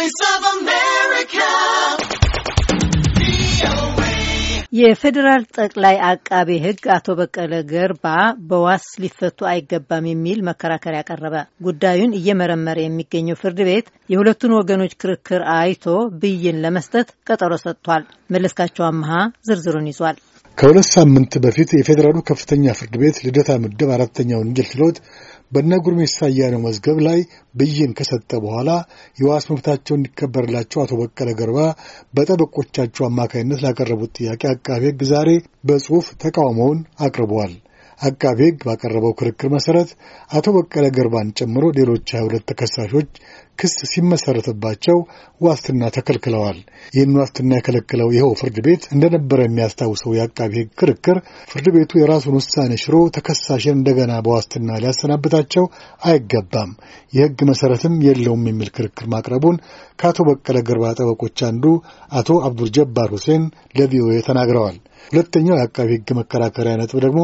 Voice of America. የፌዴራል ጠቅላይ አቃቤ ሕግ አቶ በቀለ ገርባ በዋስ ሊፈቱ አይገባም የሚል መከራከሪያ ያቀረበ ጉዳዩን እየመረመረ የሚገኘው ፍርድ ቤት የሁለቱን ወገኖች ክርክር አይቶ ብይን ለመስጠት ቀጠሮ ሰጥቷል። መለስካቸው አመሃ ዝርዝሩን ይዟል። ከሁለት ሳምንት በፊት የፌዴራሉ ከፍተኛ ፍርድ ቤት ልደታ ምድብ አራተኛ ወንጀል ችሎት በእነ ጉርሜሳ መዝገብ ላይ ብይን ከሰጠ በኋላ የዋስ መብታቸው እንዲከበርላቸው አቶ በቀለ ገርባ በጠበቆቻቸው አማካኝነት ላቀረቡት ጥያቄ አቃቤ ሕግ ዛሬ በጽሑፍ ተቃውሞውን አቅርበዋል። አቃቤ ሕግ ባቀረበው ክርክር መሰረት አቶ በቀለ ገርባን ጨምሮ ሌሎች 22 ተከሳሾች ክስ ሲመሰረትባቸው ዋስትና ተከልክለዋል። ይህን ዋስትና የከለከለው ይኸው ፍርድ ቤት እንደነበረ የሚያስታውሰው የአቃቢ ሕግ ክርክር ፍርድ ቤቱ የራሱን ውሳኔ ሽሮ ተከሳሽን እንደገና በዋስትና ሊያሰናብታቸው አይገባም፣ የሕግ መሰረትም የለውም የሚል ክርክር ማቅረቡን ከአቶ በቀለ ገርባ ጠበቆች አንዱ አቶ አብዱል ጀባር ሁሴን ለቪኦኤ ተናግረዋል። ሁለተኛው የአቃቢ ሕግ መከራከሪያ ነጥብ ደግሞ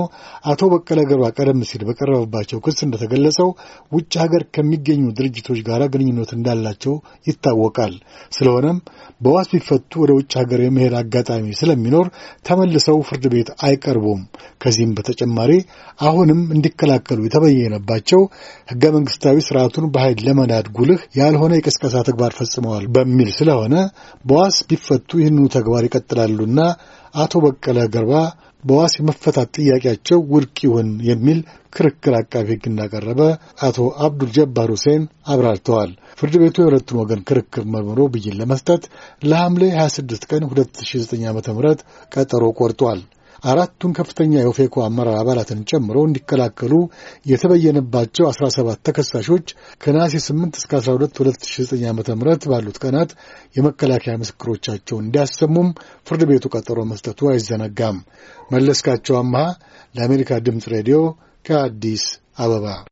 አቶ በቀለ ገርባ ቀደም ሲል በቀረበባቸው ክስ እንደተገለጸው ውጭ ሀገር ከሚገኙ ድርጅቶች ጋር ግንኙነት ፍላጎት እንዳላቸው ይታወቃል። ስለሆነም በዋስ ቢፈቱ ወደ ውጭ ሀገር የመሄድ አጋጣሚ ስለሚኖር ተመልሰው ፍርድ ቤት አይቀርቡም። ከዚህም በተጨማሪ አሁንም እንዲከላከሉ የተበየነባቸው ህገ መንግስታዊ ስርዓቱን በኃይል ለመናድ ጉልህ ያልሆነ የቅስቀሳ ተግባር ፈጽመዋል በሚል ስለሆነ በዋስ ቢፈቱ ይህንኑ ተግባር ይቀጥላሉና አቶ በቀለ ገርባ በዋስ የመፈታት ጥያቄያቸው ውድቅ ይሁን የሚል ክርክር አቃቢ ሕግ እንዳቀረበ አቶ አብዱል ጀባር ሁሴን አብራርተዋል። ፍርድ ቤቱ የሁለቱን ወገን ክርክር መርምሮ ብይን ለመስጠት ለሐምሌ 26 ቀን 2009 ዓ ም ቀጠሮ ቆርጧል። አራቱን ከፍተኛ የኦፌኮ አመራር አባላትን ጨምሮ እንዲከላከሉ የተበየነባቸው 17 ተከሳሾች ከነሐሴ 8 እስከ 12 2009 ዓ ም ባሉት ቀናት የመከላከያ ምስክሮቻቸውን እንዲያሰሙም ፍርድ ቤቱ ቀጠሮ መስጠቱ አይዘነጋም። መለስካቸው አምሃ ለአሜሪካ ድምፅ ሬዲዮ ከአዲስ አበባ